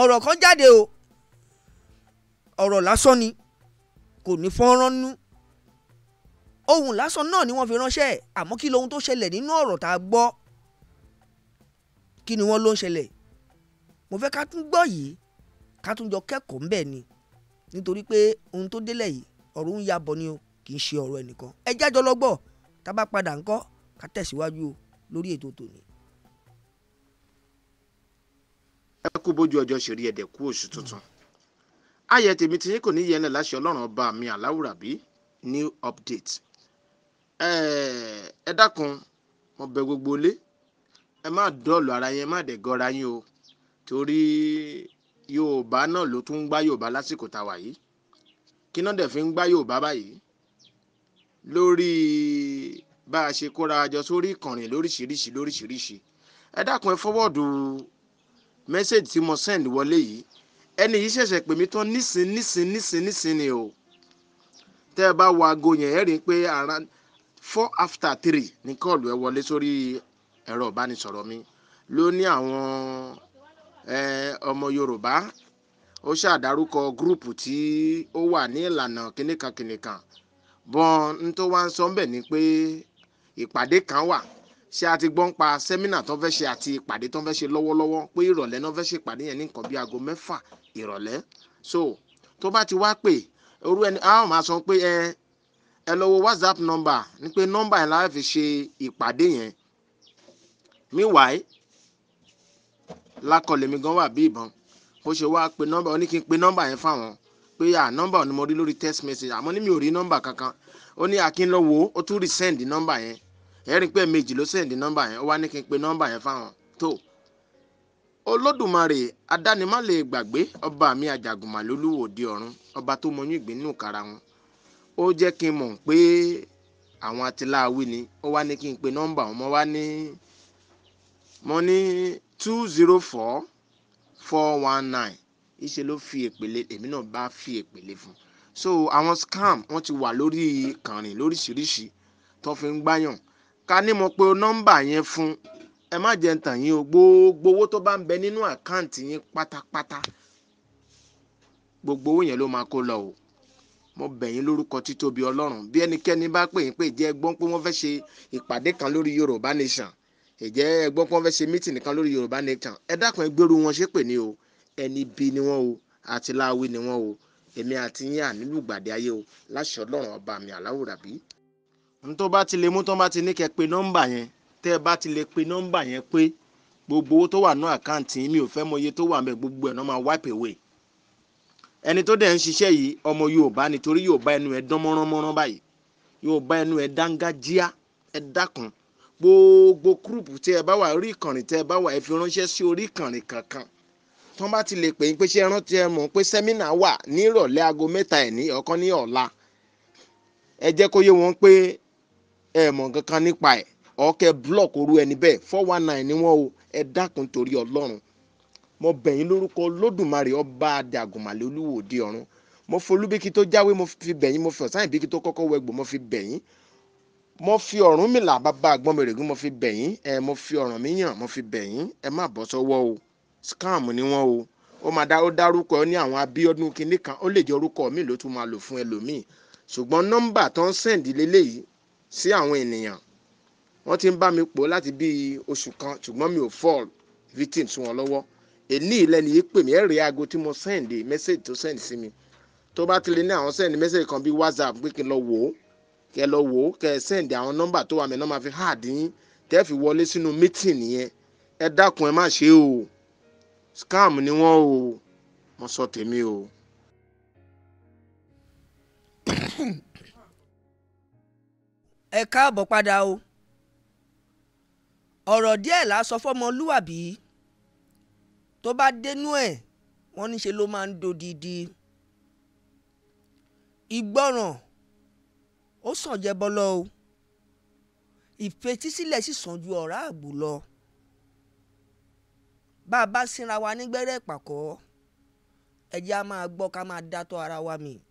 ọ̀rọ̀ kan jáde o ọ̀rọ̀ lásán ni kò ní fọ́nrán nú ohun lásán náà ni wọ́n fi ránṣẹ́ àmọ́ kí lohun tó ṣẹlẹ̀ nínú ọ̀rọ̀ tá a gbọ́ kí ni wọ́n ló ń ṣẹlẹ̀ mo fẹ́ ká tún gbọ́ yìí ká tún jọ kẹ́kọ̀ọ́ ńbẹ̀ ni nítorí pé ohun tó délẹ̀ yìí ọ̀rọ̀ ń yabọ̀ ni o kì í ṣe ọ̀rọ̀ ẹnìkan ẹ jájọ lọ́gbọ̀ tá a bá padà ńkọ́ ká tẹ̀síwájú o lórí ètò tòní. kú bójú ọjọ́ ṣe rí ẹ̀dẹ̀ kú oṣù tuntun. ayẹ̀ tèmi ti yín kò ní yẹn lẹ̀ láṣẹ ọlọ́run ọba mi aláwùrábí new update. ẹ dákun mo bẹ̀ gbogbo ilé ẹ má dọ́ọ̀lù ara yẹn má dẹ̀ gọra yín o torí yorùbá náà ló tún ń gbá yorùbá lásìkò tàwa yìí kí náà dẹ̀ fi ń gbá yorùbá báyìí lórí bá a ṣe kóra jọ sórí ìkànnì lóríṣiríṣi lóríṣiríṣi ẹ dákun ẹ fọwọ́dù mẹ́sẹ̀gì tí mo send wọlé yìí ẹni yìí ṣẹ̀ṣẹ̀ pè mí tán nísìn nísìn nísìn nísìn ni o tẹ́ ẹ bá wo aago yẹn ẹ rí i pé four after three ní kọ́ọ̀lù ẹ wọlé sórí ẹ̀rọ ìbánisọ̀rọ̀ mi ló ní àwọn ọmọ Yorùbá ó ṣàdárúkọ gúrùpù tí ó wà ní ìlànà kìnìkan kìnìkan bọ́n n tó wá ń sọ ń bẹ̀ ni pé ìpàdé kan wà ṣé a ti gbọ́ pa sẹ́mínà tó fẹ́ ṣe àti ìpàdé tó fẹ́ ṣe lọ́wọ́lọ́wọ́ pé ìrọ̀lẹ́ náà fẹ́ ṣe ìpàdé yẹn ní nǹkan bí aago mẹ́fà ìrọ̀lẹ́ so tó bá ti wá pè orú ẹni a máa sọ pé ẹ ẹ lọ wo whatsapp number ni pé nọ́mbà yẹn la fi ṣe ìpàdé yẹn meanwhile lákọlẹ̀ mi gan wà bí ìbọn bó ṣe wá pe nọ́mbà ó ní kí n pe nọ́mbà yẹn fáwọn pé à nọ́mbà ni mo rí lórí text message àmọ́ ní mi ò rí nọ́mbà kankan ó ní àkínlọ́wọ́ ó tún resend nọ́mbà yẹn ẹ̀rín pé méjì ló sẹ̀ǹdì nọ́mbà yẹn ó wá ní kí n pe nọ́mbà yẹn fáwọn tó olódùmarè adánimálè gbàgbé ọba mi àjàgùnmàlólúwò di ọ̀run ọba tó mọyún ìgbínú kára wọn ó jẹ́ kí n mọ̀ pé àwọn atiláwí ni ó wá ní kí n pe nọ́mbà wọn mo wá ní mo ní two zero four four one nine ìṣe ló fi èpèlè èmi náà bá fi èpèlè fún so àwọn scam wọ́n ti wà lórí kànrìn lóríṣiríṣi tó fi ń gbáyàn ká ní mo pe nọ́mbà yẹn fún ẹ má jẹ́ ń tàn yín o gbogbo owó tó bá ń bẹ nínú àkáǹtì yín pátápátá gbogbo owó yẹn ló máa kó lọ o mo bẹ̀ yín lórúkọ títóbi ọlọ́run bí ẹnikẹ́ni bá pè yín pé ìjẹ́ ẹgbọ́n pé wọ́n fẹ́ ṣe ìpàdé kan lórí yorùbá nation ìjẹ́ ẹgbọ́n pé wọ́n fẹ́ ṣe mítìnì kan lórí yorùbá nation ẹ dákun ẹ gbèrú wọn ṣe pè ní o ẹni bí ni wọ́n o àti láwí ni wọ́n o èmi àti yín ànílùgbàdì ayé o láṣẹ ọlọ́run ọba mi aláwùrábí ntó bá ti lè mú tó bá ti ní kẹ́ pé nọ́mbà yẹn tẹ́ ẹ bá ti lè pe nọ́mbà yẹn pé gbogbo owó tó wà ní àkáǹtì mi ò fẹ́ mọ iye tó wà mẹ́ gbogbo ẹ̀ náà máa wipe away ẹni tó dẹ̀ ń ṣiṣẹ́ yìí ọmọ Yorùbá nítorí Yorùbá ẹnu ẹ̀ dán mọ́ránmọ́rán báyìí Yorùbá ẹnu ẹ̀ dángájíá ẹ̀ dákun gbogbo gúrùpù tí ẹ bá wà orí ìkànnì tí ẹ bá wà ẹ fi ránṣẹ́ sí orí ìkànnì kankan tí wọ́n bá ti lè pè é pé ṣé ẹran ti ẹ mọ̀ pé sẹ́mínà wà nírọ̀lẹ́ aago mẹ́ta ẹ̀ ní ọ̀kan ní ọ̀la ẹ jẹ́ kó yé wọn pé ẹ mọ̀ nǹkan kan nípa ẹ̀ ọ̀kẹ́ block orú ẹni bẹ́ẹ̀ four one nine ni wọ́n o ẹ dákun torí ọlọ́run mo bẹ̀yìn lórúkọ lódùmarè ọba àdàgùnmàlẹ̀ olúwòde ọ̀run mo folúbíkí tó jáwé mo fi bẹ̀yìn mo fi ọ̀sán ìbíkí tó kọ́kọ́ wẹgbò mo fi bẹ̀yìn mo fi Ọ̀rúnmìlà bàbá àgbọ̀n mi règún mo fi bẹ̀yìn ẹ mo fi ọ̀ràn mi yàn mo fi bẹ̀yìn ẹ má bọ́ sọ́wọ́ o scam ni wọ́n o ó máa dá ó dárúkọ ó ní àwọn Abíọ́dún kinní kan ó lè jẹ́ orúkọ mi ló tún máa lò fún ẹlòmíì ṣùgbọ́n nọ́mbà tó ń sẹ́ǹdì lélẹ́yìí sí àwọn ènìyàn wọ́n ti ń bá mi pò láti bí oṣù kan ṣùgbọ́n mi ò fall victim sí wọn lọ́wọ́ èní ìlẹ́ni yìí pè mí ẹ̀rí aago tí mo send message tó send sí mi tó bá ti lè ní àwọn send message kan bí whatsapp pé kí n lọ wò ó kẹ lọ wò ó kẹ send àwọn nọ́mbà tó wà mí náà máa fi hard yín tẹ́ fi wọlé sínú meeting yẹn ẹ dákun ẹ má ṣe o scam ni wọ́n o mo sọ tèmi o ẹ káàbọ̀ padà o ọ̀rọ̀ díẹ̀ la sọ fọ́mọlúwàbí tó bá dénú ẹ̀ wọ́n níṣe ló máa ń dodidi ìgbọràn ó sàn jẹ bọlọ o ìfetísílẹ̀ sì sàn ju ọ̀rá àgbò lọ bá a bá sinra wa nígbẹ́rẹ́ pàkọ́ ẹ jẹ́ máa gbọ́ ká máa dátọ́ ara wa mìíràn.